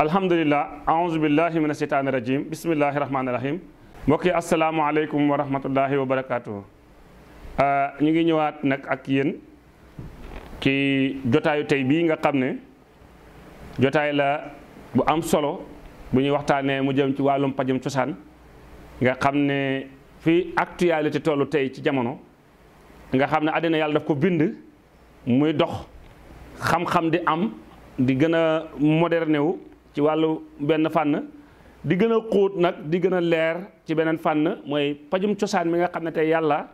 alhamdulilah aousubillahi mina seytaani rajim bisimillahi rahmaani rahim mbokk yi asalaamaaleykum wa rahmatullahi wa ah, ñu ngi ñëwaat nag ak yéen ci jotaayu tey bii nga xam ne jotaay la bu am solo bu ñuy waxtaanee mu jëm ci wàllum pajum cosaan nga xam ne fii actualité tollu tey ci jamono nga xam ne àddina yàlla daf ko bind muy dox xam-xam di am di gën a moderné wu ci wàllu benn fànn di gën a xóot nag di gën a leer ci beneen fànn mooy pajum cosaan mi nga xam ne tey yàlla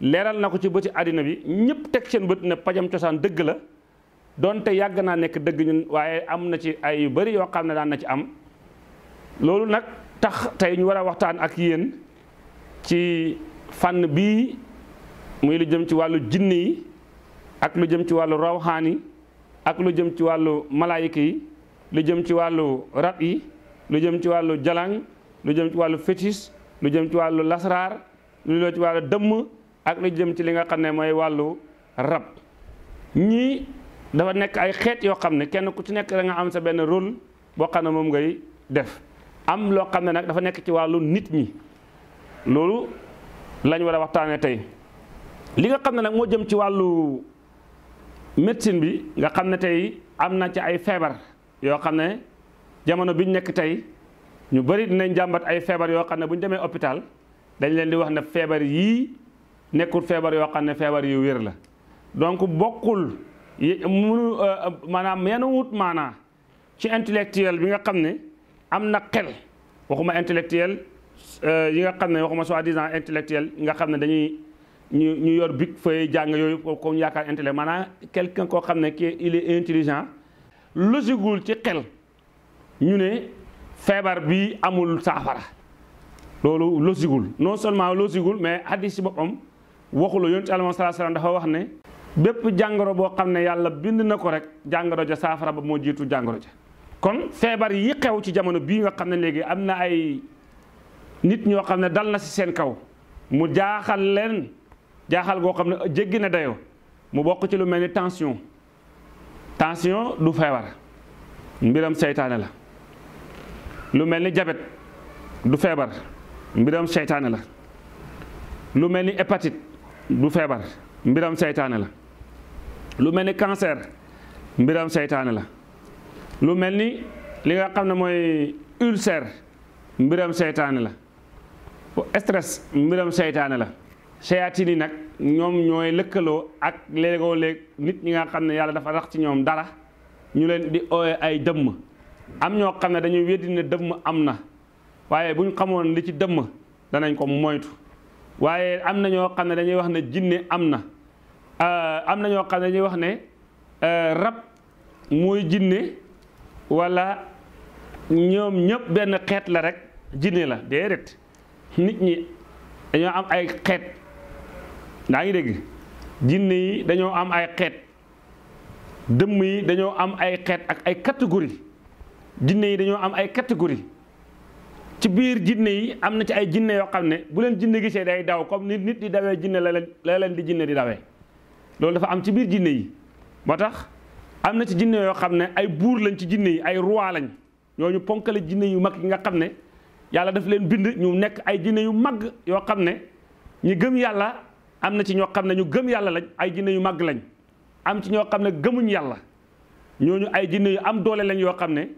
leeral na ko ci bëti àddina bi ñëpp teg seen bët ne pajam cosaan dëgg la donte yàgg naa nekk dëgg ñun waaye am na ci ay yu yoo xam ne daan na ci am loolu nag tax tey ñu war a waxtaan ak yéen ci fànn bii muy lu jëm ci wàllu jinne yi ak lu jëm ci wàllu rawxaan yi ak lu jëm ci wàllu malaayika yi lu jëm ci wàllu rab yi lu jëm ci wàllu jalang lu jëm ci wàllu fétis lu jëm ci wàllu lasraar lu jëm ci wàllu dëmm ak lu jëm ci li nga xam ne mooy wàllu rab ñii dafa nekk ay xeet yoo xam ne kenn ku ci nekk da am sa benn rôle boo xam ne moom ngay def am loo xam ne nag dafa nekk ci wàllu nit ñi loolu lañ war a waxtaanee tey li nga xam ne nag moo jëm ci wàllu médecine bi nga xam ne tey am na ci ay feebar yoo xam ne jamono biñ nekk tey ñu bëri dinañ jàmbat ay feebar yoo xam ne bu ñu demee hôpital dañ leen di wax ne feebar yii nekkul feebar yoo xam ne feebar yu wér la donc bokkul munu euh, maanaam yenn wut maanaa ci intellectuel bi nga xam ne am na xel waxuma intellectuel euh, yi nga xam ne waxuma soi-disant intellectuel nga xam ne dañuy ñu ñu yor big fay jàng yooyu comme yaakaar intellect maanaam quelqu'un koo xam ne kii il est intelligent losigul ci xel ñu ne feebar bi amul saafara loolu losigul non seulement losigul mais hadis boppam waxula yoon ci alama salaa dafa wax ne bépp jàngoro boo xam ne yàlla bind na ko rek jàngoro ca saafara ba moo jiitu jàngoro ja kon feebar yi xew ci jamono bii nga xam ne léegi am na ay nit ñoo xam ne dal na ci seen kaw mu jaaxal leen jaaxal goo xam ne jéggi na dayoo mu bokk ci lu mel ni tension tension du feebar mbiram seytaane la lu mel ni jabet du feebar mbiram seytaane la lu mel ni hépatite du feebar mbiram seytaane la lu mel ni cancer mbiram seytaane la lu mel ni li nga xam ne mooy ulcère mbiram seytaane la stress mbiram seytaane la seyaatin yi nag ñoom ñooy lëkkaloo ak léegoo léeg nit ñi nga xam ne yàlla dafa rax ci ñoom dara ñu leen di ooye ay dëmm am ñoo xam ne dañuy weddi ne dëmm am na waaye bu xamoon li ci dëmm danañ ko moytu waaye am na ñoo xam ne dañuy wax ne jinne am na am na ñoo xam ne dañuy wax ne eh, rab mooy jinne wala ñoom ñëpp benn xeet la rek jinne la déedéet nit ñi dañoo am ay xeet ndaa ngi dégg jinne yi dañoo am ay xeet dëmm yi dañoo am ay xeet ak ay catégorie jinne yi dañoo am ay catégorie ci biir jinne yi am na ci ay jinne yoo xam ne bu leen jinne gisee day daw comme nit nit di dawee jinne la leen la leen di jinne di dawee loolu dafa am ci biir jinne yi moo tax am na ci jinne yoo xam ne ay buur lañ ci jinne yi ay roi ñoo ñu ponkale jinne yu mag yi nga xam ne yàlla daf leen bind ñu nekk ay jinne yu mag yoo xam ne ñi gëm yàlla am na ci ñoo xam ne ñu gëm yàlla lañ ay jinne yu màgg lañ am ci ñoo xam ne gëmuñ yàlla ñooñu ay jinne yu am doole lañ yoo xam ne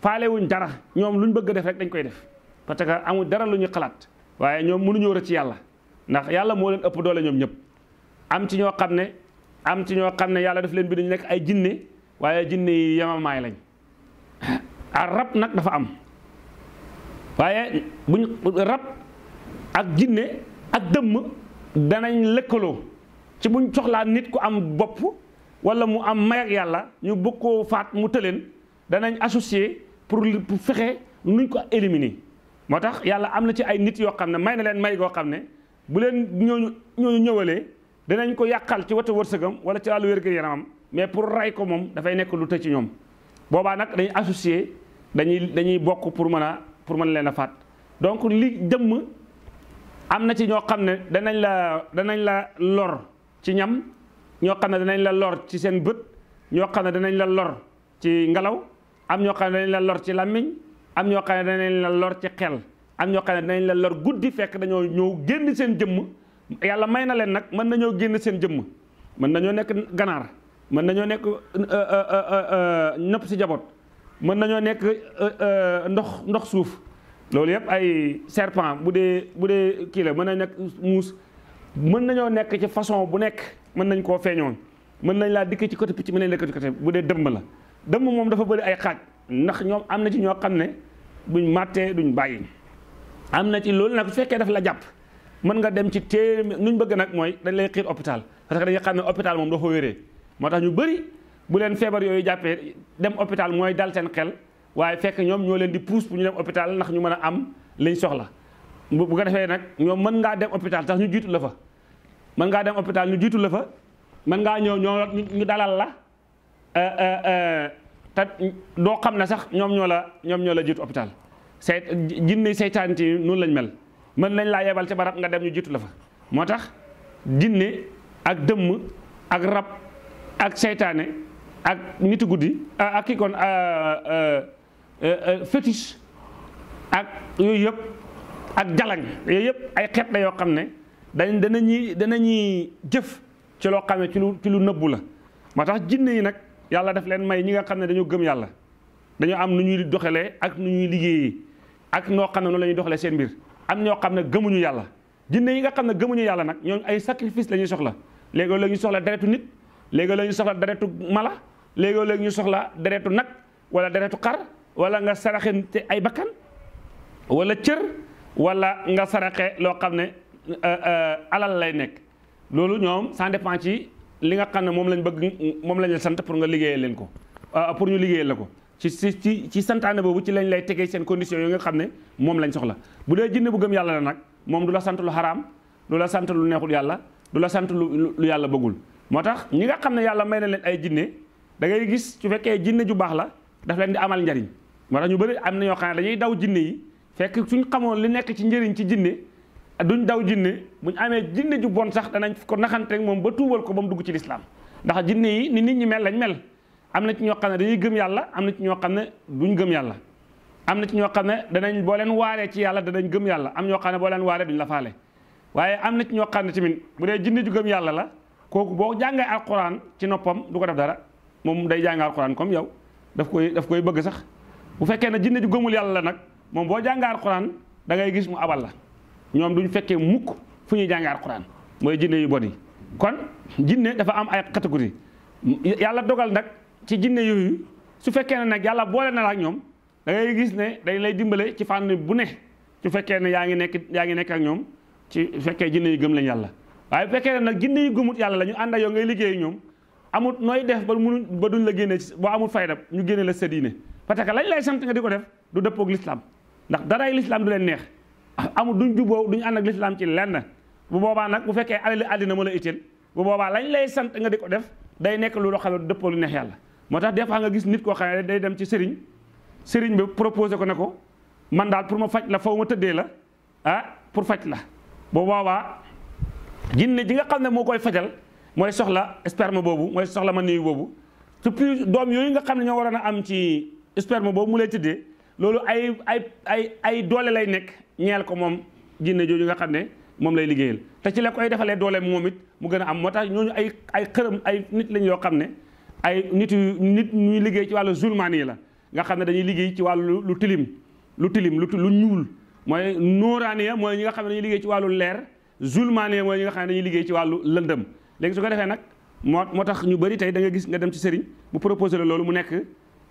faalewuñ dara ñoom luñ bëgg a def rek dañ koy def parce que amul dara lu ñu xalaat waaye ñoom mënuñoo ci yàlla ndax yàlla moo leen ëpp doole ñoom ñëpp am ci ñoo xam ne am ci ñoo xam ne yàlla def leen bi dañu nekk ay jinne waaye jinne yi yamamaay lañ a ah, rab nag dafa am waaye buñ rab ak jinne ak dëmm danañ lëkkaloo ci buñ soxlaa nit ku am bopp wala mu am may yàlla ñu bëgg koo faat mu tëleen danañ associé pour pour fexe nuñ ko éliminer moo tax yàlla am na ci ay nit yoo xam ne may na leen may goo xam ne bu leen ñooñu ñooñu ñëwalee danañ ko yàqal ci wetu wërsëgam wala ci wàllu wér-gu yaramam mais pour ray ko moom dafay nekk lu tëj ci ñoom boobaa nag dañuy associé dañuy dañuy bokk pour mën a pour mën leen a faat donc li jëmm am na ci ñoo xam ne danañ la danañ la lor ci ñam ñoo xam ne danañ la lor ci seen bët ñoo xam ne danañ la lor ci ngelaw am ñoo xam ne danañ la lor ci làmmiñ am ñoo xam ne danañ la lor ci xel am ñoo xam ne danañ la lor guddi fekk dañoo ñëw génn seen jëmm yàlla may na leen nag mën nañoo génn seen jëmm mën nañoo nekk ganaar mën nañoo nekk euh, euh, euh, nëpp si jaboot mën nañoo nekk ndox ndox suuf loolu yëpp ay serpent bu dee bu dee kii la mën na nekk muus mën nañoo nekk ci façon bu nekk mën nañ koo feeñoon mën nañ laa dikk ci côté picc mën nañ lekk ci côté bu dee dëmm la dëmm moom dafa bëri ay xaaj ndax am na ci ñoo xam ne duñ màttee duñ bàyyi am na ci loolu nag su fekkee daf la jàpp mën nga dem ci téer nuñ bëgg nag mooy dañ lay xiir hôpital parce que dañuy xam ne hôpital moom doo ko wéree moo tax ñu bëri bu leen feebar yooyu jàppee dem hôpital mooy dal seen xel waaye fekk ñoom ñoo leen di pousse bu ñu dem hôpital ndax ñu mën a am liñ soxla bu ko defee nag ñoom mën ngaa dem hôpital tax ñu jiitu la fa mën ngaa dem hôpital ñu jiitu la fa mën ngaa ñëw ñoo ñu dalal la euh, euh, euh, te doo xam ne sax ñoom ñoo la ñoom ñoo la jiitu hôpital say jinne seytaane yi noonu lañ mel mën nañ laa yebal ci barab nga dem ñu jiitu la fa moo tax jinne ak dëmm ak rab ak seytaane ak nitu guddi ak kii kon Euh, euh, fétiche ak yooyu yëpp ak jalañ yooyu yëpp ay xet la yoo xam ne dañ dana ñuy dana ñuy jëf ci loo xam ne ci lu ci lu nëbbu la moo tax jinne yi nag yàlla daf leen may ñi nga xam ne dañoo gëm yàlla dañoo am nu ñuy doxalee ak nu ñuy liggéeyee ak noo xam ne noonu lañuy ñuy doxalee seen mbir am ñoo xam ne gëmuñu yàlla jinne yi nga xam ne gëmuñu yàlla nag ñooñu ay sacrifice la ñuy soxla léegoo léegi ñu soxla deretu nit léegoo léegi soxla deretu mala léegoo léegi soxla wala nga saraxe ay bakkan wala cër wala nga saraxe loo xam ne euh, euh, alal lay nekk loolu ñoom ça dépend ci li nga xam ne moom lañ bëgg moom lañ la sant pour nga liggéeyee leen ko euh, pour ñu ko ci ci ci santaane boobu ci lañ lay tegee seen conditions yi nga xam ne moom lañ soxla bu dee jinne bu gëm yàlla la nag moom du la sant lu xaraam du la sant lu neexul yàlla du la sant lu yàlla bëggul moo tax ñi nga xam ne yàlla may na leen ay jinne da ngay gis su fekkee jinne ju baax la daf leen di amal njariñ moo tax ñu bëri am na ñoo xam ne dañuy daw jinne yi fekk suñ xamoon li nekk ci njëriñ ci jinne duñ daw jinne buñ amee jinne ju bon sax danañ ko naxanteeg moom ba tuubal ko ba mu dugg ci lislaam ndax jinne yi ni nit ñi mel lañ mel am na ci ñoo xam ne dañuy gëm yàlla am na ci ñoo xam ne duñ gëm yàlla am na ci ñoo xam ne danañ boo leen waaree ci yàlla danañ gëm yàlla am ñoo xam ne boo leen waaree duñ la faale waaye am na ci ñoo xam ne tamit bu dee jinne ju gëm yàlla la kooku boo jàngee alquran ci noppam du ko def dara moom day jàng alquran comme yow daf koy daf koy bëgg sax bu fekkee ne jinne ju gëmul yàlla la nag moom boo jàngee alxuraan dangay gis mu abal la ñoom duñ fekkee mukk fu ñuy jàngee alxuraan mooy jinne yu bon yi kon jinne dafa am ay catégorie yàlla dogal nag ci jinne yooyu su fekkee ne nag yàlla boole na la ak ñoom da gis ne dañ lay dimbale ci fànn bu ne su fekkee ne yaa ngi nekk yaa ngi nekk ak ñoom ci fekkee jinne yu gëm lañ yàlla waaye bu fekkee ne nag jinne yu gëmut yàlla la ñu ànd ak yow ngay liggéey ñoom amut nooy ba mënu ba duñ la génne boo amul fayda ñu génne la sa parce que lañ lay sant nga di ko def du dëppoog lislaam ndax daraay lislaam du leen neex amul duñ juboo duñ ànd ak lislaam ci lenn bu boobaa nag bu fekkee alali àddina ma la itteel bu boobaa lañ lay sant nga di ko def day nekk lu loo xam ne du dëppoo lu neex moo tax des fois nga gis nit koo xam ne day dem ci sëriñ sëriñ bi proposé ko ne ko man daal pour ma faj la faw ma tëddee la ah pour faj la bu boobaa jinne ji nga xam ne moo koy fajal mooy soxla sperme boobu mooy soxla ma néew boobu surtout doom yooyu nga xam ne ñoo waroon a am ci sperme boobu mu lay tëddee loolu ay ay ay ay doole lay nekk ñeel ko moom jinne jooju nga xam ne moom lay liggéeyal te ci la koy defalee doole moom it mu gën a am moo tax ñooñu ay ay xërëm ay nit lañ yoo xam ne ay nit yu nit ñuy liggéey ci wàllu zulmaan yi la nga xam ne dañuy liggéey ci wàllu lu tilim lu tilim lu lu ñuul mooy nooraaniya mooy ñi nga xam ne dañuy ci wàllu leer zulmaaniya mooy ñi nga xam ne dañuy liggéey ci wàllu lëndëm léegi su ko defee nag moo moo tax ñu bëri tey da gis nga dem ci sëriñ mu proposé la loolu mu nekk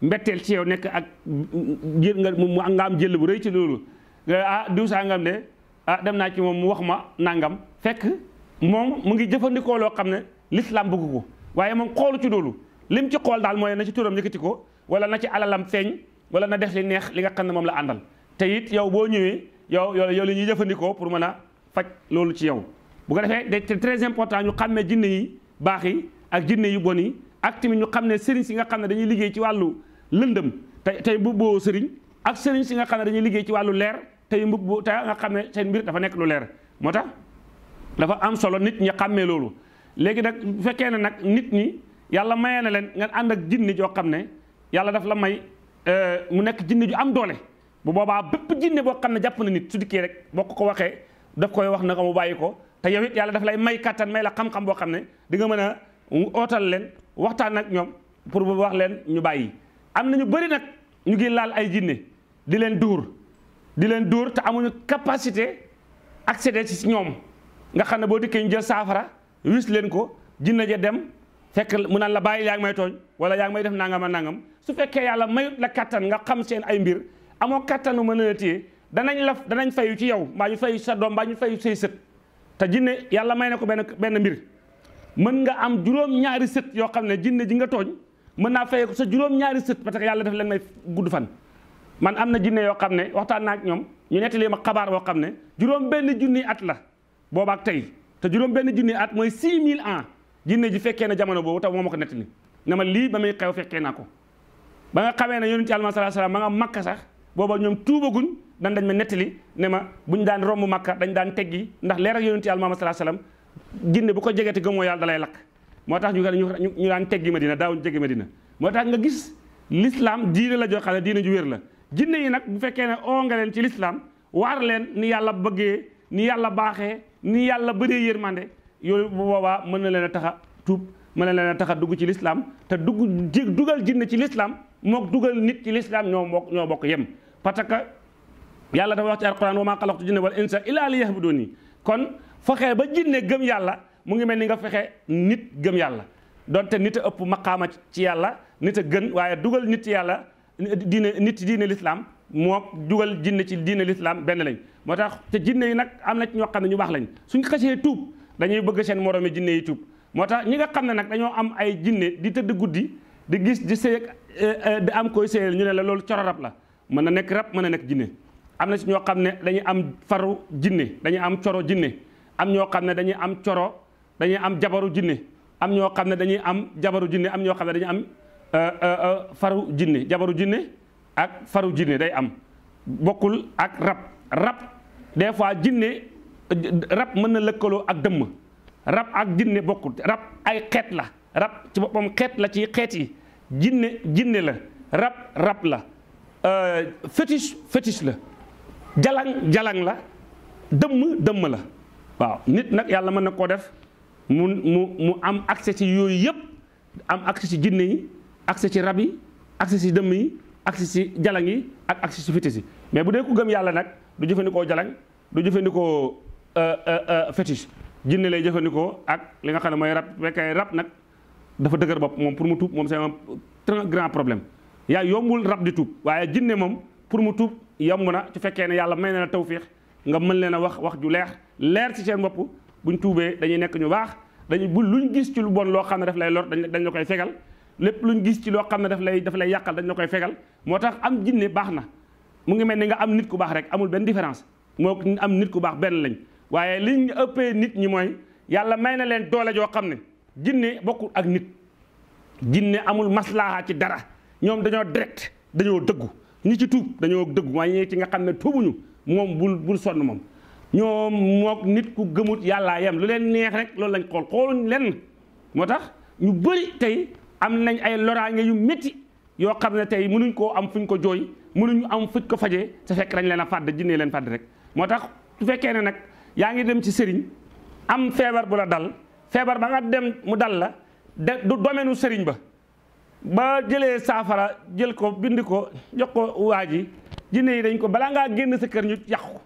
mbetteel ci yow nekk ak jël nga mu nga am jël bu rëy ci loolu ah diw ngam de ah dem naa ci moom mu wax ma nangam fekk moom mu ngi jëfandikoo loo xam ne lislaam bëgg ko waaye moom xoolu ci loolu lim ci xool daal mooy na ci turam yëkkati ko wala na ci alalam feeñ wala na def li neex li nga xam ne moom la àndal te it yow boo ñëwee yow yow li ñuy jëfandikoo pour mën a faj loolu ci yow bu ko defee day très important ñu ne jinne yi baax yi ak jinne yu bon yi ak tamit ñu xam ne sëriñ si nga xam ne dañuy liggéey ci wàllu lëndëm tey tey mbubboo sëriñ ak sëriñ si nga xam ne dañuy liggéey ci wàllu leer tey mbubboo tey nga xam ne seen mbir dafa nekk lu leer moo tax dafa am solo nit ñi xàmmee loolu léegi nag bu fekkee ne nag nit ñi yàlla mayee na leen nga ànd ak jinne joo xam ne yàlla daf la may euh, mu nekk jinne ju am doole bu boobaa bépp jinne boo xam ne jàpp na nit su dikkee rek boo ko waxee daf koy wax na nga mu bàyyi ko te yow it daf lay may kattan may la xam-xam boo xam ne di nga mën a ootal leen waxtaan ak ñoom pour bu wax leen ñu bàyyi am na ñu bëri nag ñu ngi laal ay jinne di leen duur di leen duur te amuñu capacité accéder ci ñoom nga xam ne boo dikkee ñu jël saafara wis leen ko jinne ja dem fekk mu naan la bàyyi yaa ngi may tooñ wala yaa ngi may def nangam ak nangam su fekkee yàlla mayut la kattan nga xam seen ay mbir amoo kattanu ma a danañ la danañ fayu ci yow mbaa ñu fayu sa doom mbaa ñu fayu sët te jinne yàlla may ne ko benn benn mbir mën nga am juróom ñaari sët yoo xam ne jinne ji nga tooñ mën naa fayee ko juróom-ñaari sët parce que yàlla def leen may gudd fan man am na jinne yoo xam ne waxtaan naa ak ñoom ñu nettali ma xabaar boo xam ne juróom benn junni at la boobaak tey te juróom benn junni at mooy mill ans jinne ji fekkee na jamono boobu taw moo ma ko nettali ne ma lii ba xew fekkee naa ko ba nga xamee ne yonent ci alma salaa salaam ma nga makka sax booba ñoom tuubaguñ dan dañ ma nettali ne ma buñ daan romb makka dañ daan teggi ndax leer ak yonent ci alma salaa salaam jinne bu ko jegee jegeete gëmoo yàlla dalay lakk moo tax ñu ñu daan teggi Madina daawuñu teggi Madina moo tax nga gis lislaam diine la joo xam ne diine ju wér la jinne yi nag bu fekkee ne oo leen ci l'islam waar leen ni yàlla bëggee ni yàlla baaxee ni yàlla bëree yërmande yooyu bu boobaa mën na leen a tax a tuub mën na leen taxa dugg ci l'islam te dugg jé dugal jinne ci l'islam mook dugal nit ci l'islam ñoo bokk ñoo bokk yem parce que yàlla dafa wax ci alquran wa maa xalaqtu jinne wal insa illa li yahbuduni kon fexee ba jinne gëm yàlla mu ngi mel ni nga fexe nit gëm yàlla donte nit a ëpp maqaama ci yàlla nit a gën waaye dugal nit yàlla diine nit diine lislaam moo dugal jinne ci diine lislaam benn lañ moo tax te jinne yi nag am na ci ne ñu baax lañ suñ xësee tuub dañuy bëgg seen moroomi jinne yi moo tax ñi nga xam ne nag dañoo am ay jinne di tëdd guddi di gis di sëy eh, eh, di am koy sëyal ñu ne la loolu coro rab la mën na nekk rab mën na nekk jinne am na si ñoo xam ne dañuy am faru jinne dañuy am coro jinne am ñoo xam ne dañuy am coro dañuy am jabaru jinne am ñoo xam ne dañuy am jabaru jinne am ñoo xam ne dañuy am euh, euh, euh, faru jinne jabaru jinne ak faru jinne day am bokkul ak rab rab des fois jinne rab mën na lëkkaloo ak dëmm rab ak jinne bokkul rab ay xeet la rab ci boppam xeet la ci xeet yi jinne jinne la rab rab la fétiche fétiche la jalang jalang la dëmm dëmm la waaw nit nag yàlla mën na koo def mu mu mu am accès ci yooyu yëpp am accès ci jinne yi accès ci rab yi accès ci dëmm yi accès ci jalang yi ak accès ci fétiche yi mais bu dee ku gëm yàlla nag du jëfandikoo jalang du jëfandikoo euh, euh, euh, fétiche jinne lay jëfandikoo ak li nga xam ne mooy rab fekkee rab nag dafa dëgër bopp moom pour mu tuub moom c'est un grand problème yaa yombul rab di tuub waaye jinne moom pour mu tuub yomb na ci fekkee ne yàlla may na la tawféex nga mën leen a wax wax ju leex leer ci seen bopp bu buñ tuubee dañuy nekk ñu baax dañu bu ñu gis ci lu bon loo xam ne daf lay lor dañ la koy fegal lépp lu ñu gis ci loo xam ne daf lay daf lay yàqal dañ la koy fegal moo tax am jinne baax na mu ngi mel ni nga am nit ku baax rek amul benn différence moo am nit ku baax benn lañ waaye liñ ëppee nit ñi mooy yàlla may na leen doole joo xam ne jinne bokkul ak nit jinne amul maslaaha ci dara ñoom dañoo direct dañoo dëggu ñi ci tuub dañoo dëggu waaye ñi ci nga xam ne tuubuñu moom bul bul sonn moom ñoom mook nit ku gëmut yàllaa yem lu leen neex rek loolu lañ xool xooluñ leen moo tax ñu bëri tey am nañ ay loraange yu métti yoo xam ne tey mënuñ koo am fuñ ko jooy mënuñ am fuñ ko faje sa fekk dañ leen a fàdd jinnee leen fàdd rek moo tax su fekkee ne nag yaa ngi dem ci sëriñ am feebar bu la dal feebar ba nga dem mu dal la de du domaine sëriñ ba ba jëlee saafara jël ko bind ko jox ko waa ji jinne yi dañ ko balaa ngaa génn sa kër ñu yàqu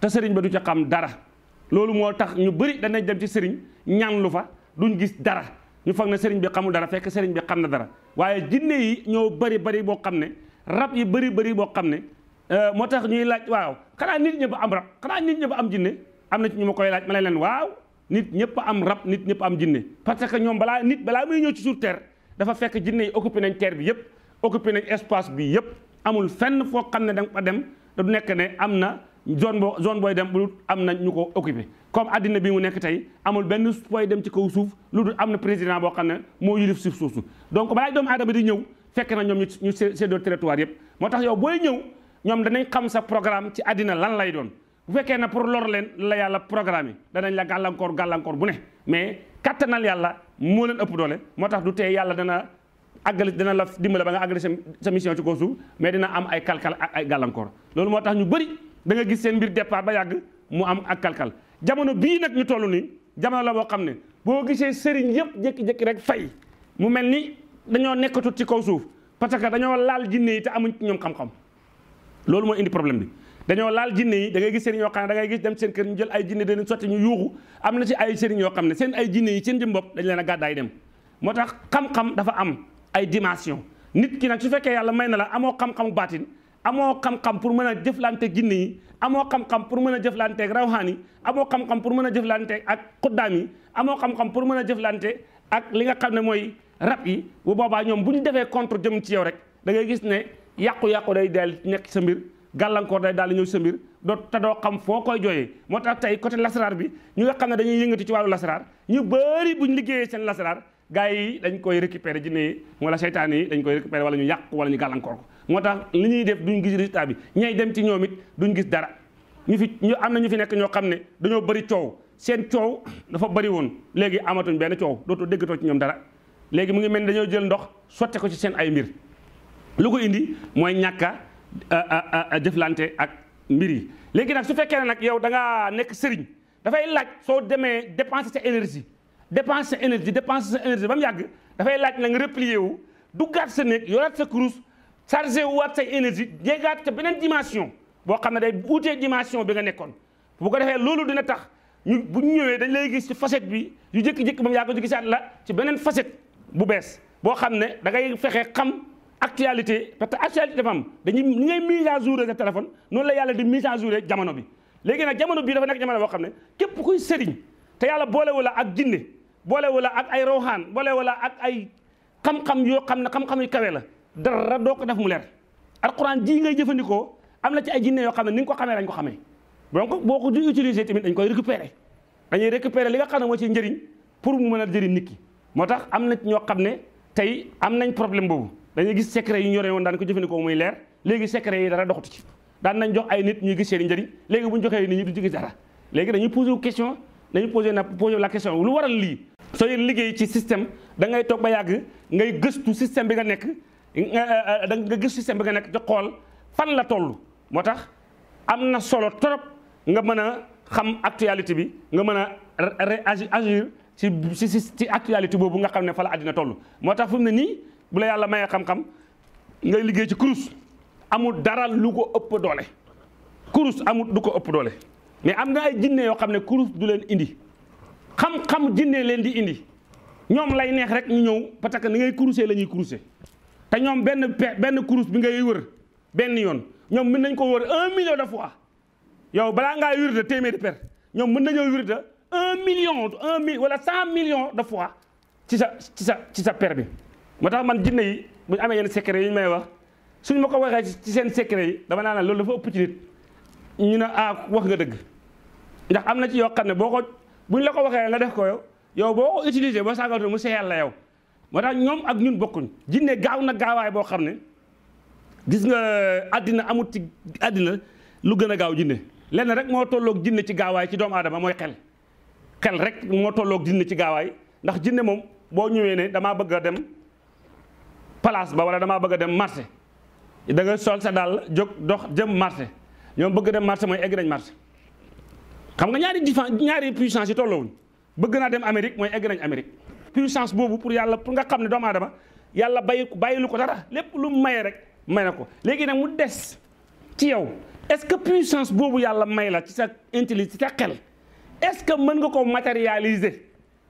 te sëriñ ba du ca xam dara loolu moo tax ñu bëri danañ dem ci sëriñ ñaan fa duñ gis dara ñu foog ne sëriñ bi xamul dara fekk sëriñ bi xam na dara waaye jinne yi ñoo bëri bari boo xam ne rab yi bëri bëri boo xam ne euh, moo tax ñuy laaj waaw xanaa nit ñëpp am rab xanaa nit ñëpp am jinne am na ci ñu ma koy laaj ma ne leen waaw nit ñëpp am rab nit ñëpp am jinne parce que ñoom balaa nit balaa muy ñëw ci suuf dafa fekk jinne yi occupé nañ terre bi yëpp occupé nañ espace bi yëpp amul fenn foo xam ne da nga dem te nekk ne am na zone boo zone booy dem lu am na ñu ko occupé comme addina bi mu nekk tey amul benn booy dem ci kaw suuf lu du am na président boo xam ne moo yilif suuf soosu donc balaa doomu aadama di ñëw fekk na ñoom ñu ñu seddoo territoire yëpp moo tax yow booy ñëw ñoom danañ xam sa programme ci addina lan lay doon bu fekkee na pour lor leen la yàlla programme yi danañ la gàllankoor gàllankoor bu ne mais kattanal yàlla moo leen ëpp doole moo tax du tee yàlla dana àggali dina la dimbale ba nga àggali sa mission ci kaw mais dina am ay kalkal ay gàllankoor da nga gis seen mbir départ ba yàgg mu am ak kalkal jamono bii nag ñu toll nii jamono la boo xam ne boo gisee sëriñ yëpp jékki-jékki rek fay mu mel ni dañoo nekkatut ci kaw suuf parce que dañoo laal jinne yi te amuñ ci ñoom xam-xam loolu moo indi problème bi dañoo laal jinne yi da ngay gis sëriñ xam ne da ngay gis dem seen kër ñu jël ay jinne dañu sotti ñu yuuxu am na ci ay sëriñ yoo xam ne seen ay jinne yi seen jëm bopp dañ leen a gàddaay dem moo tax xam dafa am ay dimension nit ki nag su fekkee yàlla may na la amoo xam baatin amoo xam-xam pour mën a jëflante jinne yi amoo xam pour mën a jëflanteeg rawxaan yi amoo xam-xam pour mën a jëflanteeg ak xuddaam yi amoo xam-xam pour mën a jëflante ak li nga xam ne mooy rab yi bu boobaa ñoom bu ñu defee contre jëm ci yow rek dangay gis ne yàqu-yàqu day deel nekk sa mbir gàllankoor day daal ñëw sa mbir doo te doo xam foo koy jooyee moo tax tey côté lasaraar bi ñu nga xam ne dañuy yëngatu ci wàllu lasaraar ñu bëri buñ liggéeyee seen lasaraar gars yi dañ koy récupérer jinne yi wala yi dañ koy wala ñu yàq wala ñu gàllankoor moo tax li ñuy def duñ gis résultat bi ñay dem ci ñoom it duñ gis dara ñu fi ñu am na ñu fi nekk ñoo xam ne dañoo bëri coow seen coow dafa bëri woon léegi amatuñ benn coow dootoo déggatoo ci ñoom dara léegi mu ngi mel ni dañoo jël ndox sotte ko ci seen ay mbir lu ko indi mooy ñàkka jëflante ak mbir yi léegi nag su fekkee ne nag yow da ngaa nekk sëriñ dafay laaj soo demee dépenser sa énergie dépenser sa énergie dépenser sa ba mu yàgg dafay laaj na nga replier wu duggaat sa néeg yoraat sa kurus chargé wu waat say énergie yeggaat ca beneen dimension boo xam ne day uutee dimension bi nga nekkoon bu ko defee loolu dina tax bu ñu ñëwee dañ lay gis ci facette bi yu jékki-jékki ba mu yàgg di gisaat la ci beneen facette bu bees boo xam ne da ngay fexe xam actualité parce que actualité dafa am dañuy ni ngay mise à jour sa téléphone noonu la yàlla di mise à jour jamono bi léegi nag jamono bii dafa nekk jamono boo xam ne képp koy sëriñ te yàlla boole la ak jinne boolewu la ak ay rawxaan boolewu la ak ay xam yoo xam ne xam yu kawe la dara doo ko def mu leer alxuraan jii ngay jëfandikoo am na ci ay jinne yoo xam ne ni nga ko xamee lañ ko xamee donc boo ko di utiliser tamit dañ koy récupérer dañuy récupérer li nga xam ne moo ci njëriñ pour mu mën a jëriñ nit ki moo tax am na ñoo xam ne tey am nañ problème boobu dañuy gis secret yi ñu woon daan ko jëfandikoo muy leer léegi secret yi dara doxatu nañ jox ay nit ñuy gis seen njëriñ léegi bu ñu joxee nit ñi du ci gis dara léegi dañuy posé question dañuy posé na posé la question lu waral lii sooy liggéey ci système dangay ngay toog ba yàgg ngay gëstu système bi nga nekk da nga gis système bi nga nekk ci xool fan la toll moo tax am na solo trop nga mën a xam actualité bi nga mën a réagir ci ci ci actualité boobu nga xam ne fa la àddina toll moo tax fu mu ne nii bu la yàlla mayee xam-xam ngay liggéey ci kurus amul dara lu ko ëpp doole kurus amut du ko ëpp doole mais am na ay jinne yoo xam ne kurus du leen indi xam-xam jinne leen di indi ñoom lay neex rek ñu ñëw parce que ni ngay kurusee la ñuy kurusee ñoom benn benn kurus bi ngay wër benn yoon ñoom mën nañ ko wër un million de fois yow balaa ngaa wirde téeméeri per ñoom mën nañoo wirde un million un mille wala cent millions de fois ci sa ci sa ci sa per bi moo tax man jinne yi bu amee yenn secret yi ñu may wax suñ ma ko waxee ci seen secret yi dama naa ne loolu dafa ëpp ci nit ñu ne ah wax nga dëgg ndax am na ci yoo xam ne boo ko bu ñu la ko waxee nga def ko yow yow boo ko utilisé boo sàggatu mu seeyal la yow moo ñoom ak ñun bokkuñ jinne gaaw na gaawaay boo xam ne gis nga euh, àddina amut ci àddina lu gën a gaaw jinne lenn rek moo tolloog jinne ci gaawaay ci doomu aadama mooy xel xel rek moo tolloog jinne ci gaawaay ndax jinne moom boo ñëwee ne damaa bëgg a dem place ba wala damaa bëgg a dem marché da nga sol sa daal jóg dox jëm marché ñoom bëgg dem marché mooy egg nañ marché xam nga ñaari différence ñaari puissance yi tolloowuñ bëgg naa dem Amérique mooy egg nañ Amérique puissance boobu pour yàlla pour nga xam ne doomu aadama yàlla bàyyi bàyyilu ko dara lépp lu mu maye rek may na ko léegi nag mu des ci yow est-ce que puissance boobu yàlla may la ci sa intelligence ci sa xel est-ce que mën nga koo matérialiser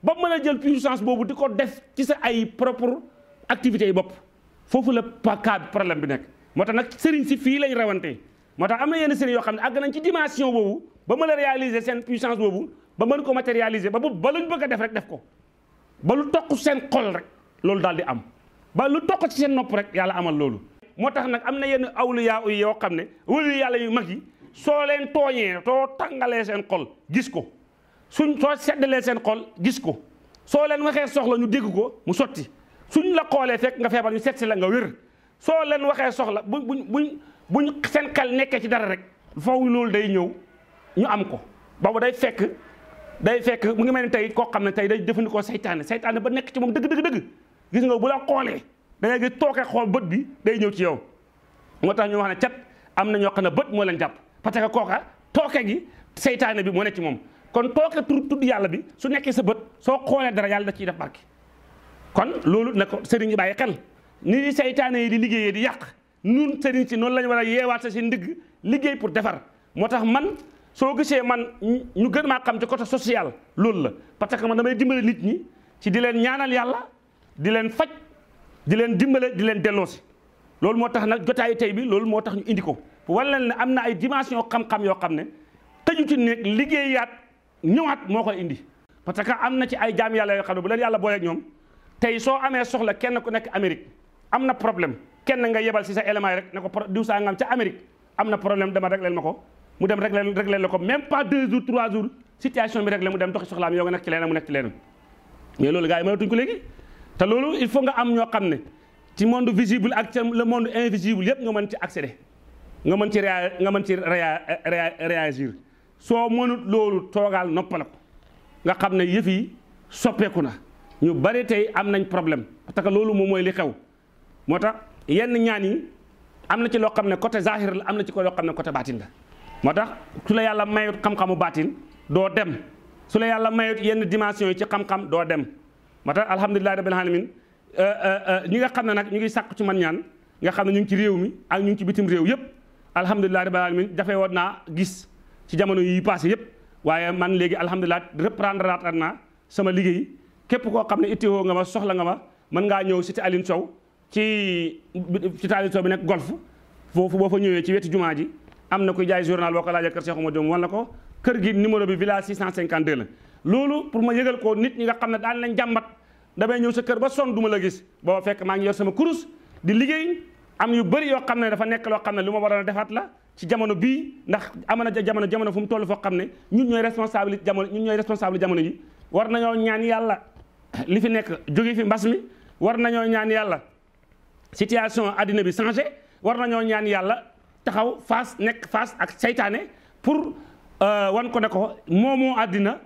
ba mën a jël puissance boobu di ko def ci sa ay propre activités yi bopp foofu la cas problème bi nekk moo tax nag sëriñ si fii lañ rawante moo tax am na yenn sëriñ yoo xam ne àgg nañ ci dimension boobu ba mën a réaliser seen puissance boobu ba mën ko matérialiser ba bu ba luñ bëgg a def rek def ko ba lu toq seen xol rek loolu daal di am ba lu toq ci seen nopp rek yàlla amal loolu. moo tax nag am na yenn awliyaa yi yoo xam ne wëlu yàlla yu mag yi soo leen tooñee soo tàngalee seen xol gis ko suñ soo seddalee seen xol gis ko soo leen waxee soxla ñu dégg ko mu sotti suñ la xoolee fekk nga feebar ñu seet si la nga wér soo leen waxee soxla buñ buñ buñ buñ seen xel nekkee ci dara rek foofu loolu day ñëw ñu am ko boobu day fekk. day fekk mu ngi mel ni tey koo xam ne tey day jëfandikoo saytaane seytaane ba nekk ci moom dëgg dëgg dëgg gis nga bu la xoolee da ngay gis bët bi day ñëw ci yow moo tax ñu wax ne cat am na ñoo xam ne bët moo leen jàpp parce que kooka tooke gi saytaane bi moo nekk ci moom kon tooke tur tudd yàlla bi su nekkee sa bët soo xoolee dara yàlla da ciy def barke kon loolu na ko sëriñ yi bàyyi xel ni saytaane yi di liggéeyee di yàq ñun sëriñ si noonu lañu ñu war a yeewaat sa si ndigg liggéey pour defar moo tax man soo gisee man ñu gën maa xam ci côté social loolu la parce que man damay dimbale nit ñi ci di leen ñaanal yàlla di leen faj di leen dimbale di leen delloosi loolu moo tax nag jotaayu tey bi loolu moo tax ñu indi ko wala leen ne am na ay dimension xam-xam yoo xam ne tëju ci nekk liggéeyaat ñëwaat moo koy indi. parce que am na ci ay jaam yàlla yoo xam ne bu leen yàlla booleeg ñoom tey soo amee soxla kenn ku nekk Amérique am na problème kenn nga yebal si sa élément rek ne ko diw sangam ca Amérique am na problème dama rek leen ma ko. mu dem réglé réglé la ko même pas deux jours trois jours situation bi réglé mu dem doxi soxlaam yow nga mais loolu gars yi mënatuñ ko te loolu il faut nga am ñoo xam ne ci monde visible ak ci le monde invisible yëpp nga mën ci accéder nga mën ci réa nga mën ci réagir soo mënut loolu toogaal noppal nga xam ne yëf soppeeku na ñu bari tey am nañ problème parce que loolu moom mooy li xew moo tax yenn ñaan yi am na ci loo xam ne côté zahir la am na ci ko loo xam ne côté baatin la moo tax su la yàlla mayut xam-xamu doo dem su yàlla mayut yenn dimension yi ci xam-xam doo dem moo tax alhamdulilahi rabbil alamin euh, euh, euh, ñi nga xam ne nag ñu ngi sàkk ci man ñaan nga xam ne ñu ngi ci réew mi ak ñu ngi ci bitim réew yëpp alhamdulilahi rabbil alamin dafee woon naa gis ci jamono yi passé yëpp waaye man léegi alhamdulilah reprendre naat naa sama liggéey képp koo xam ne ittiwoo nga ma soxla nga ma mën ngaa ñëw cité Aline Sow ci cité Aline Sow bi nekk golf foofu boo fa ñëwee ci wetu jumaa ji am na kuy jaay journal boo ko laajee kër Cheikh Oumar Diop wan la ko kër gi numéro bi village 652 la loolu pour ma yëgal ko nit ñi nga xam ne daan nañ jàmbat damay ñëw sa kër ba sonn du ma la gis boo fekk maa ngi yor sama kurus di liggéey am yu bëri yoo xam ne dafa nekk loo xam ne lu ma waroon a defaat la ci jamono bii ndax am na jamono jamono fu mu toll foo xam ne ñun ñooy responsable jamono ñun ñooy responsable jamono ji war nañoo ñaan yàlla li fi nekk jóge fi mbas mi war nañoo ñaan yàlla situation bi changé war nañoo ñaan yàlla taxaw face nekk face ak seytaane pour euh, wan ko ne ko moomoo àddina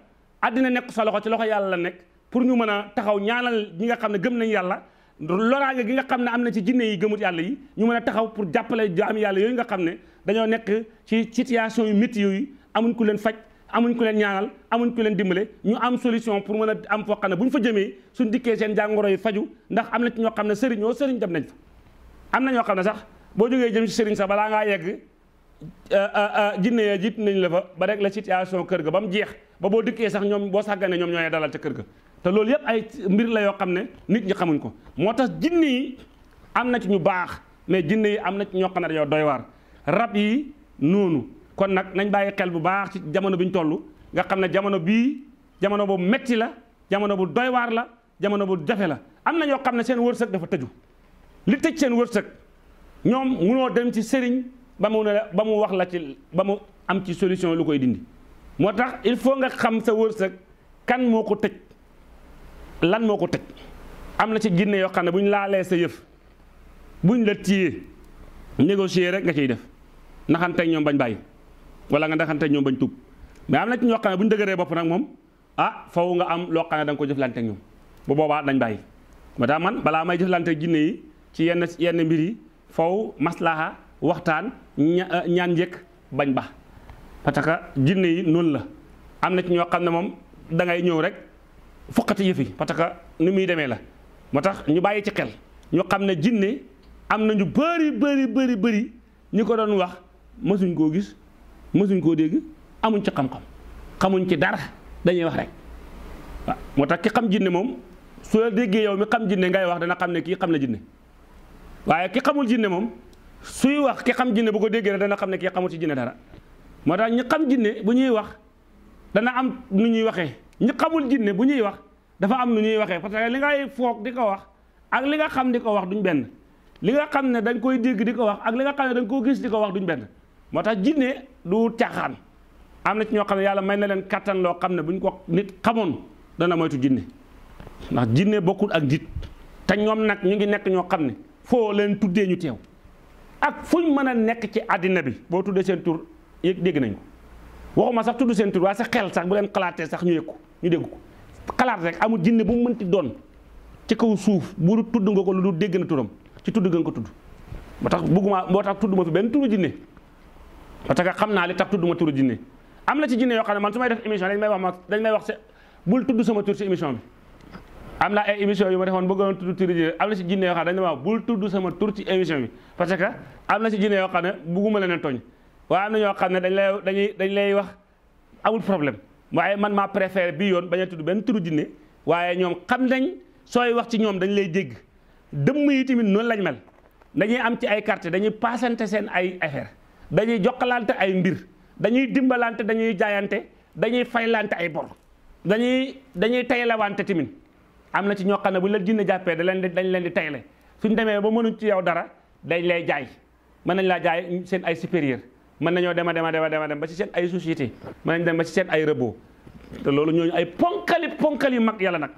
àddina nekk sa loxo ci loxo yàlla la nekk pour ñu mën a taxaw ñaanal ñi nga xam ne gëm nañ yàlla loraange gi nga xam ne am na ci jinne yi gëmut yàlla yi ñu mën a taxaw pour jàppale jaam yàlla yooyu nga xam ne dañoo nekk ci situation yu métti yooyu amuñ ku leen faj amuñ ku leen ñaanal amuñ ku leen dimbale ñu am solution pour mën a am foo xam ne bu ñu fa jëmee suñ dikkee seen jàngoro yi faju ndax am ñoo xam ne sëriñ oh, ñoo dem nañ fa am na ñoo xam ne sax boo jógee jëm ci sax balaa ngaa yegg euh, euh, euh, jinne ya jiit nañ la fa ba rek la situation kër ga ba mu jeex ba boo dikkee sax ñoom boo sàgganee ñoom ñooy dalal te kër ga te loolu yëpp ay mbir la yoo xam ne nit ñi xamuñ ko moo tax jinne yi am na ci ñu baax mais jinne yi am na ci ñoo xam ne dañoo doy waar rab yi noonu kon nag nañ bàyyi xel bu baax ci jamono bi ñu toll nga xam ne jamono bii jamono bu metti la jamono bu doywaar la jamono bu jafe la am na ñoo xam ne seen wërsëg dafa tëju li tëj seen wërsëg ñoom munoo dem ci sëriñ ba mu ne ba mu wax la ci ba mu am ci solution lu koy dindi moo tax il faut nga xam sa wër wërsëg kan moo ko tëj lan moo ko tëj am na ci jinne yoo xam ne bu laalee sa yëf buñ la téyee négocier rek nga ciy def naxanteeg ñoom bañ bàyyi wala nga naxanteeg ñoom bañ tub mais am na ci ñoo xam bu ñu dëgëree bopp nag moom ah faw nga am loo xam ne ko jëflanteeg ñoom bu boobaa dañ bàyyi. moo tax man balaa may jëflanteeg jinne yi ci yenn yenn mbir yi. faw maslaha waxtaan euh, ñaan njëkk bañ ba parce que jinne yi noonu la am na ci ñoo xam ne moom da ngay ñëw rek fuqati yëfi parce que ni muy demee la moo tax ñu bàyyi ci xel ñu xam ne jinne am na ñu bëri bëri bëri bëri ñu ko doon wax mësuñ koo gis mësuñ koo dégg amuñ ci xam-xam xamuñ ci dara dañuy wax rek waaw moo tax ki xam jinne moom su la déggee yow mi xam jinne ngay wax dana xam ne kii xam na jinne waaye ki xamul jinne moom suy wax ki xam jinne bu ko déggee rek dana xam ne kii xamul ci jinne dara moo tax ñi xam jinne bu ñuy wax dana am nu ñuy waxee ñi xamul jinne bu ñuy wax dafa am nu ñuy waxee parce li ngay foog di ko wax ak li nga xam di ko wax duñ benn li nga xam ne dañ koy dégg di ko wax ak li nga xam ne dañ koo gis di ko wax duñ benn moo tax jinne du caaxaan am na ci ñoo xam ne yàlla may na leen kattan loo xam ne buñ ko nit xamoon dana moytu jinne ndax jinne bokkul ak nit te ñoom nag ñu ngi nekk ñoo xam ne foo leen tuddee ñu teew ak ñu mën a nekk ci àddina bi boo tuddee seen tur yëg dégg nañ ko waxuma sax tudd seen tur waa sa xel sax bu leen xalaatee sax ñu yëg ko ñu dégg ko kalaat rek amul jinne bu mu mënti doon ci kaw suuf bu tudd nga ko lu dul dégg na turam ci tudd nga ko tudd moo tax bëgguma moo tax tudd ma fi benn turu jinne parce que xam naa li tax tudd ma turu jinne am na ci jinne yoo xam ne man su may def émission dañ may wax ma dañ may wax sa bul tudd sama tur émission bi am na ay émission yu ma defoon bëggoon tudd ne dañ ma bul tudd sama tur ci émission bi parce que am na si jinne yoo xam ne bugguma leneen tooñ waaye am na ñoo xam ne dañ lay dañuy dañ lay wax amul problème waaye man maa préféré bii yoon bañ a benn turu jinne waaye ñoom xam nañ sooy wax ci ñoom dañ lay dégg dëmm yi tamit noonu lañ mel dañuy am ci ay carte dañuy paasante seen ay affaire dañuy jokkalante ay mbir dañuy dimbalante dañuy jaayante dañuy faylante ay bor dañuy dañuy tayalawante tamit am na ci ñoo xam ne bu la jinne jàppee da leen di dañ leen di tayle suñ demee ba mënuñ ci yow dara dañ lay jaay mën nañ laa jaay seen ay supérieur mën nañoo dema dema dema dema dem ba ci seen ay société mën nañ dem ba ci seen ay rëboo te loolu ñooñu ay ponkali ponkali mag yàlla nag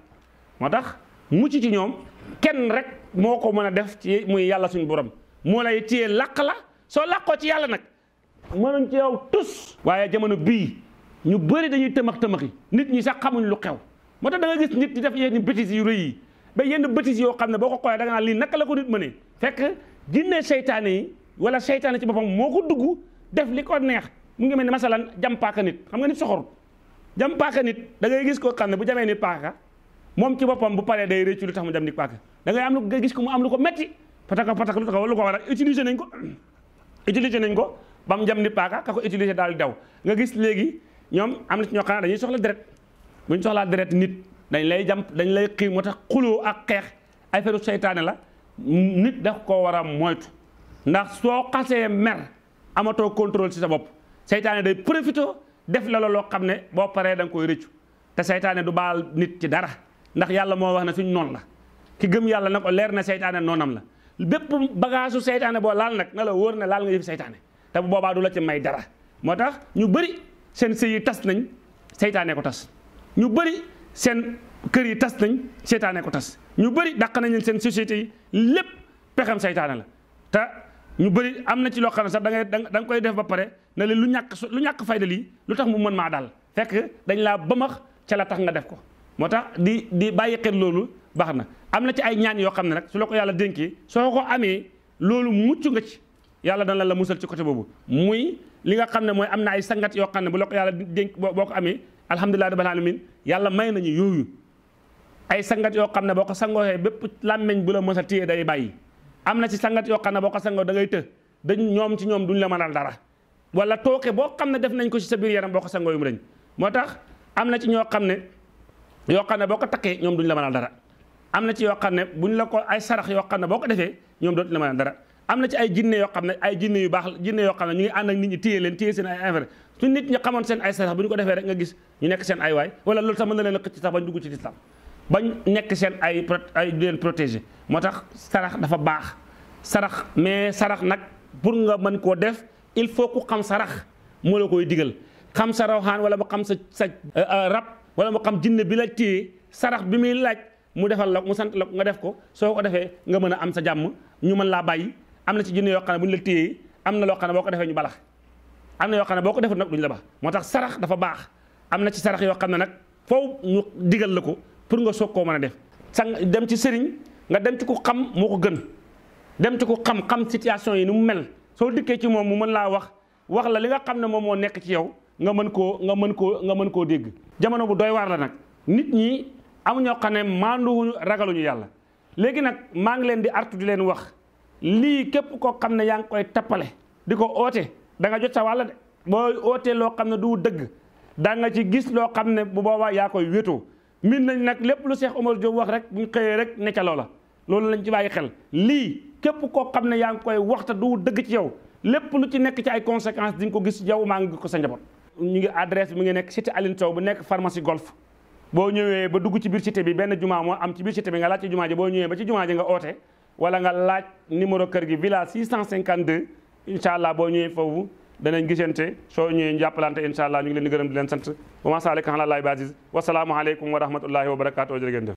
moo tax mucc ci ñoom kenn rek moo ko mën a def ci muy yàlla suñu borom moo lay téye làq la soo làqoo ci yàlla nag mënuñ ci yow tus waaye jamono bii ñu bëri dañuy tëmax tëmaxi nit ñi sax xamuñ lu xew moo tax da gis nit di def yenn bêtises yu rëy yi yoo xam ne boo ko xoolee da nga naan lii naka la ko nit mënee fekk jinne ci boppam moo ko dugg def li ko neex mu ngi mel ne masalan jam paaka nit xam nga nit soxor jam paaka nit da ngay gis koo xam bu jamee nit paaka moom ci boppam bu paree day rëccu lu tax mu jam nit paaka da ngay am lu nga gis ko mu am lu ko metti pataka pataka lu tax wala lu ko war a utiliser nañ ko utiliser ba mu jam ni paaka ka ko utiliser daal daw nga gis léegi ñoom am na ci ñoo xam ne dañuy soxla deret buñ soxlaa deret nit dañ lay jam dañ lay xii moo tax xuloo ak xeex ay feru seytaane la nit daf koo war a moytu ndax soo xasee mer amatoo contrôle ci sa bopp seytaane day profité def la loo xam ne boo paree da koy rëccu te seytaane du baal nit ci dara ndax yàlla moo wax ne suñ noonu la ki gëm yàlla na ko leer na seytaane noonam la bépp bagaasu seytaane boo laal nag na la wóor ne laal nga yëfi seytaane te bu boobaa du la ci may dara moo tax ñu bëri seen sëy yi tas nañ seytaane ko tas ñu bëri seen kër yi tas nañ seytaane ko tas ñu bëri dàq nañu seen société yi lépp pexem seytaane la te ñu bëri am na ci loo xam ne sax da ngay da nga koy def ba pare ne leen lu ñàkk lu ñàkk fayda lii lu tax mu mën maa daal fekk dañ laa bëmax ca la tax nga def ko moo tax di di bàyyi xel loolu baax na am na ci ay ñaan yoo xam ne rek su la ko yàlla dénkee soo ko amee loolu mucc nga ci yàlla dana la musal ci côté boobu muy li nga xam ne mooy am na ay sangat yoo xam ne bu la ko yàlla dénk boo ko amee da alhamdulilah rabbil miin yàlla may nañu yooyu ay sangat yoo xam ne boo ko sangoosee bépp làmmeñ bu la mës a téye day bàyyi am na ci sangat yoo xam ne boo ko sangoo da ngay të dañ ñoom ci ñoom duñ la mënal dara wala tooke boo xam ne def nañ ko ci sa biir yaram boo ko sangoo yum dañ moo tax am na ci ñoo xam ne yoo xam ne boo ko takkee ñoom duñ la mënal dara am na ci yoo xam ne buñ la ko ay sarax yoo xam ne boo ko defee ñoom dootu la mënal dara am na ci ay jinne yoo xam ne ay jinne yu baax jinne yoo xam ne ñu ngi ànd ak nit ñi téye leen téye seen ay affaire su nit ñi xamoon seen ay sax bu ñu ko defee rek nga gis ñu nekk seen ay waay wala loolu sax mën na leen a xëcc sax bañ dugg ci lislaam bañ nekk seen ay ay di leen protéger moo tax sarax dafa baax sarax mais sarax nag pour nga mën koo def il faut ku xam sarax moo la koy digal xam sa rawxaan wala mu xam sa sa euh, euh, rab wala mu xam jinne bi la téye sarax bi muy laaj mu defal la mu sant la nga def ko soo ko defee nga mën a am sa jàmm ñu mën laa bàyyi am na ci jinne yoo xam ne bu ñu la téyee am na loo xam ne boo ko defee ñu bala am na yoo xam ne boo ko deful nag duñ la baax moo tax sarax dafa baax am na ci sarax yoo xam ne nag foofu ñu digal la ko pour nga soog koo mën a def sang dem ci sëriñ nga dem ci ku xam moo ko gën dem ci ku xam xam situation yi nu mu mel soo dikkee ci moom mu mën laa wax wax la li nga xam ne moom moo nekk ci yow nga mën koo nga mën koo nga mën koo dégg jamono bu doy waar la nag nit ñi amuñoo xam ne maanduwuñu ragaluñu yàlla léegi nag maa ngi leen di artu di leen wax lii képp koo xam ne yaa ngi koy tappale di ko oote da nga jot sa wàll de boo ootee loo xam ne du dëgg da nga ci gis loo xam ne bu boobaa yaa koy wéetoo min nañ nag lépp lu Cheikh Omar Diop wax rek bu ñu xëyee rek ne ca loola loolu lañ ci bàyyi xel lii képp koo xam ne yaa ngi koy waxta du dëgg ci yow lépp lu ci nekk ci ay conséquences di nga ko gis yow maa ngi ko sa njaboot. ñu ngi adresse bi mu ngi nekk cité Aline Sow bu nekk pharmacie golf boo ñëwee ba dugg ci biir cité bi benn jumaa moo am ci biir cité bi nga laaj ci jumaa ji boo ñëwee ba ci jumaa ji nga oote wala nga laaj numéro kër gi villa 652. incha allah boo ñëwee foofu danañ gisante soo ñëwee jàppalante incha allah ñu ngi leen di gërëm di leen sant wa maa saalika alaa laahi bi aziz wasalaamu aleykum wa rahmatullahi wa barakaatu jërë ngeen jëf